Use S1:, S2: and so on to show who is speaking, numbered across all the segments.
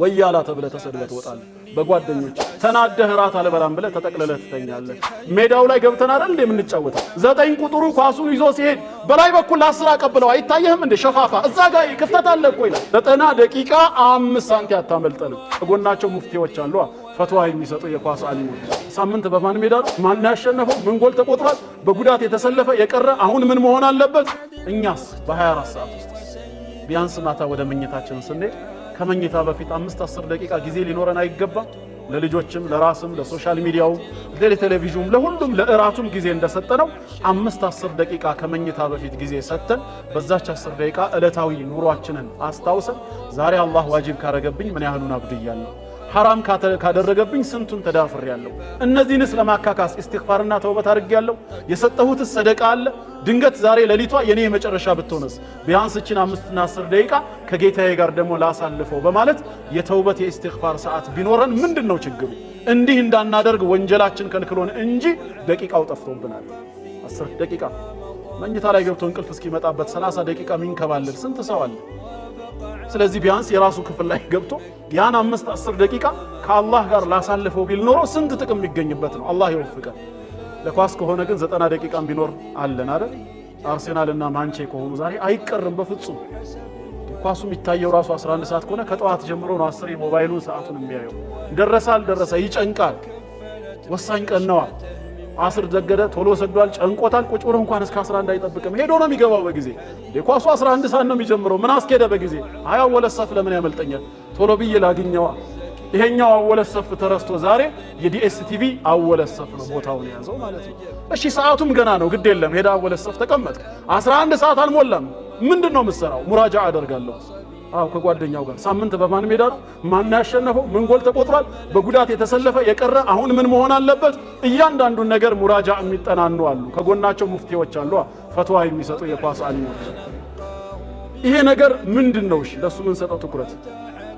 S1: ወያላ ተብለ ተሰድበ ትወጣለህ። በጓደኞች ተናደህ እራት አልበላም ብለህ ተጠቅልለህ ትተኛለህ። ሜዳው ላይ ገብተን አይደል እንዴ የምንጫወተው? ዘጠኝ ቁጥሩ ኳሱን ይዞ ሲሄድ በላይ በኩል ለአስር አቀብለው አይታየህም እንዴ? ሸፋፋ እዛ ጋር ክፍተት አለ እኮ ይላል። ዘጠና ደቂቃ አምስት ሳንቲ አታመልጠንም። ጎናቸው ሙፍቲዎች አሉ ፈትዋ የሚሰጡ የኳስ አሊሞች። ሳምንት በማን ሜዳ ነው ማን ያሸነፈው? ምን ጎል ተቆጥሯል? በጉዳት የተሰለፈ የቀረ አሁን ምን መሆን አለበት? እኛስ በ24 ሰዓት ውስጥ ቢያንስ ማታ ወደ መኝታችን ስንሄድ ከመኝታ በፊት አምስት አስር ደቂቃ ጊዜ ሊኖረን አይገባም? ለልጆችም ለራስም ለሶሻል ሚዲያውም ለቴሌቪዥኑም ለሁሉም ለእራቱም ጊዜ እንደሰጠነው አምስት አስር ደቂቃ ከመኝታ በፊት ጊዜ ሰጥተን በዛች አስር ደቂቃ ዕለታዊ ኑሯችንን አስታውሰን ዛሬ አላህ ዋጅብ ካረገብኝ ምን ያህሉን አብድያለሁ ሐራም ካደረገብኝ ስንቱን ተዳፍር ያለው እነዚህንስ ለማካካስ ኢስቲግፋርና ተውበት አድርግ ያለው የሰጠሁት ሰደቃ አለ። ድንገት ዛሬ ሌሊቷ የኔ የመጨረሻ ብትሆነስ ቢያንስ እችን አምስትና አስር ደቂቃ ከጌታዬ ጋር ደግሞ ላሳልፈው በማለት የተውበት የኢስቲግፋር ሰዓት ቢኖረን ምንድን ነው ችግሩ? እንዲህ እንዳናደርግ ወንጀላችን ከልክሎን እንጂ ደቂቃው ጠፍቶብናል። አስር ደቂቃ መኝታ ላይ ገብቶ እንቅልፍ እስኪመጣበት ሰላሳ ደቂቃ ሚንከባለል ስንት ሰው አለ? ስለዚህ ቢያንስ የራሱ ክፍል ላይ ገብቶ ያን አምስት አስር ደቂቃ ከአላህ ጋር ላሳልፈው ቢል ኖሮ ስንት ጥቅም የሚገኝበት ነው። አላህ ይወፍቀን። ለኳስ ከሆነ ግን ዘጠና ደቂቃም ቢኖር አለን አይደል? አርሴናልና ማንቼ ከሆኑ ዛሬ አይቀርም በፍጹም። ኳሱ የሚታየው ራሱ 11 ሰዓት ከሆነ ከጠዋት ጀምሮ ነው። አስር የሞባይሉን ሰዓቱን የሚያየው ደረሰ አልደረሰ ይጨንቃል። ወሳኝ ቀን አስር ደገደ ቶሎ ሰዷል፣ ጨንቆታል። ቁጭ ብሎ እንኳን እስከ 11 አይጠብቅም። ሄዶ ነው የሚገባው በጊዜ እንዴ 11 ሰዓት ነው የሚጀምረው። ምን አስኬደ በጊዜ አያ ወለሰፍ ሰፍ ለምን ያመልጠኛል? ቶሎ ብዬ ላግኘዋ። ይሄኛው አወለሰፍ ተረስቶ ዛሬ የዲኤስቲቪ አወለሰፍ ሰፍ ነው ቦታውን የያዘው ማለት ነው። እሺ ሰዓቱም ገና ነው፣ ግድ የለም ሄዳ አወለት ተቀመጥ። 11 ሰዓት አልሞላም። ምንድን ነው የምትሰራው? ሙራጃ አደርጋለሁ አዎ ከጓደኛው ጋር ሳምንት በማን ሜዳ ነው? ማን ያሸነፈው? ምን ጎል ተቆጥሯል? በጉዳት የተሰለፈ የቀረ አሁን ምን መሆን አለበት? እያንዳንዱን ነገር ሙራጃ የሚጠናኑ አሉ። ከጎናቸው ሙፍቲዎች አሉ፣ ፈትዋ የሚሰጡ የኳስ ይሄ ነገር ምንድን ነው? እሺ ለሱ ምን ሰጠው ትኩረት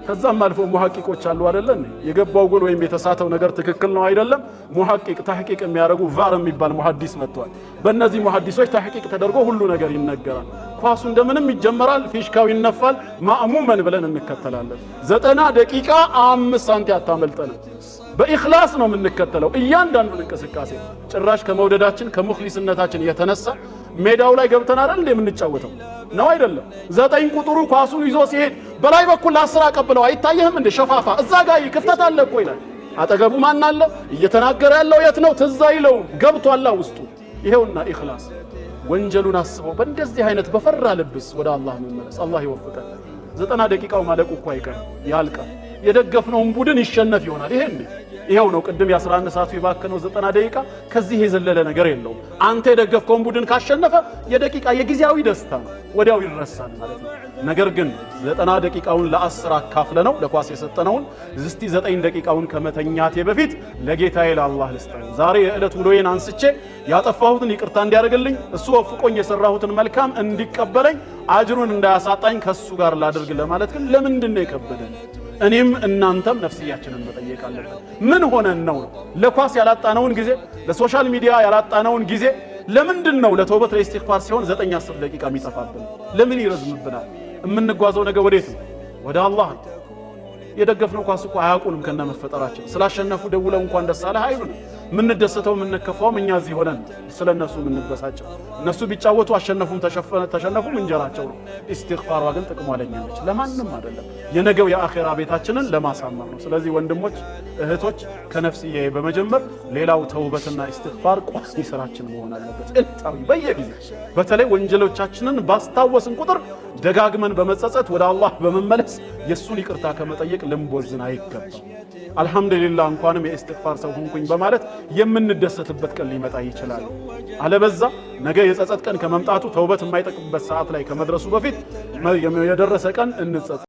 S1: ከዛም አልፎ ሙሐቂቆች አሉ አይደለ የገባው ጎል ወይም የተሳተው ነገር ትክክል ነው አይደለም? ሙሐቂቅ ታሕቂቅ የሚያደርጉ ቫር የሚባል ሙሐዲስ መጥቷል። በእነዚህ ሙሐዲሶች ታሕቂቅ ተደርጎ ሁሉ ነገር ይነገራል። ኳሱ እንደምንም ይጀመራል፣ ፊሽካው ይነፋል። ማእሙመን ብለን እንከተላለን። ዘጠና ደቂቃ አምስት ሳንቲ አታመልጠንም። በኢኽላስ ነው የምንከተለው እያንዳንዱን እንቅስቃሴ። ጭራሽ ከመውደዳችን ከሙኽሊስነታችን የተነሳ ሜዳው ላይ ገብተን አይደል የምንጫወተው ነው አይደለም። ዘጠኝ ቁጥሩ ኳሱን ይዞ ሲሄድ በላይ በኩል ለአስር አቀብለው አይታየህም እንዴ? ሸፋፋ እዛ ጋ ክፍተት አለ እኮ ይላል። አጠገቡ ማን አለ? እየተናገረ ያለው የት ነው? ትዝ አይለውም። ገብቷላ ውስጡ። ይሄውና ኢኽላስ ወንጀሉን አስበው በእንደዚህ አይነት በፈራ ልብስ ወደ አላህ መመለስ። አላህ ይወፍቀን። ዘጠና ደቂቃው ማለቁ እኮ አይቀርም፣ ያልቃል። የደገፍነውን ቡድን ይሸነፍ ይሆናል። እንዴ ይኸው ነው ቅድም የ11 ሰዓቱ የባከነው 90 ደቂቃ ከዚህ የዘለለ ነገር የለውም። አንተ የደገፍከውን ቡድን ካሸነፈ የደቂቃ የጊዜያዊ ደስታ ወዲያው ይረሳል ማለት ነው። ነገር ግን 90 ደቂቃውን ለአስር አካፍለ ነው ለኳስ የሰጠነውን እስቲ 9 ደቂቃውን ከመተኛቴ በፊት ለጌታዬ ለአላህ ልስጠን። ዛሬ የዕለት ውሎዬን አንስቼ ያጠፋሁትን ይቅርታ እንዲያደርግልኝ እሱ ወፍቆኝ የሰራሁትን መልካም እንዲቀበለኝ አጅሩን እንዳያሳጣኝ ከሱ ጋር ላድርግ ለማለት ግን ለምንድን ነው የከበደን? እኔም እናንተም ነፍስያችንን መጠየቅ አለብን። ምን ሆነን ነው ለኳስ ያላጣነውን ጊዜ ለሶሻል ሚዲያ ያላጣነውን ጊዜ ለምንድን ነው ለተውበት ለኢስቲግፋር ሲሆን ዘጠኝ አስር ደቂቃ የሚጠፋብን? ለምን ይረዝምብናል? የምንጓዘው ነገር ወዴት ነው? ወደ አላህ ነው። የደገፍነው ኳስ እኮ አያውቁንም ከነ መፈጠራችን። ስላሸነፉ ደውለው እንኳን ደስ አለህ አይሉን። የምንደሰተው የምንከፋውም እኛ እዚህ ሆነን ስለ እነሱ የምንበሳጨው። እነሱ ቢጫወቱ አሸነፉም ተሸነፉም እንጀራቸው ነው። ኢስቲግፋሯ ግን ጥቅሟ ለኛ ነች፣ ለማንም አይደለም። የነገው የአኼራ ቤታችንን ለማሳመር ነው። ስለዚህ ወንድሞች እህቶች፣ ከነፍስዬ በመጀመር ሌላው ተውበትና ኢስቲግፋር ቋሚ ስራችን መሆን አለበት። ዕለታዊ በየጊዜ በተለይ ወንጀሎቻችንን ባስታወስን ቁጥር ደጋግመን በመጸጸት ወደ አላህ በመመለስ የእሱን ይቅርታ ከመጠየቅ ልንቦዝን አይገባም። አልሐምዱሊላህ እንኳንም የእስትግፋር ሰው ሁንኩኝ በማለት የምንደሰትበት ቀን ሊመጣ ይችላል። አለበዛ ነገ የጸጸት ቀን ከመምጣቱ ተውበት የማይጠቅምበት ሰዓት ላይ ከመድረሱ በፊት የደረሰ ቀን እንጸጸት።